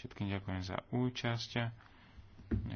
Všetkým ďakujem za účasť.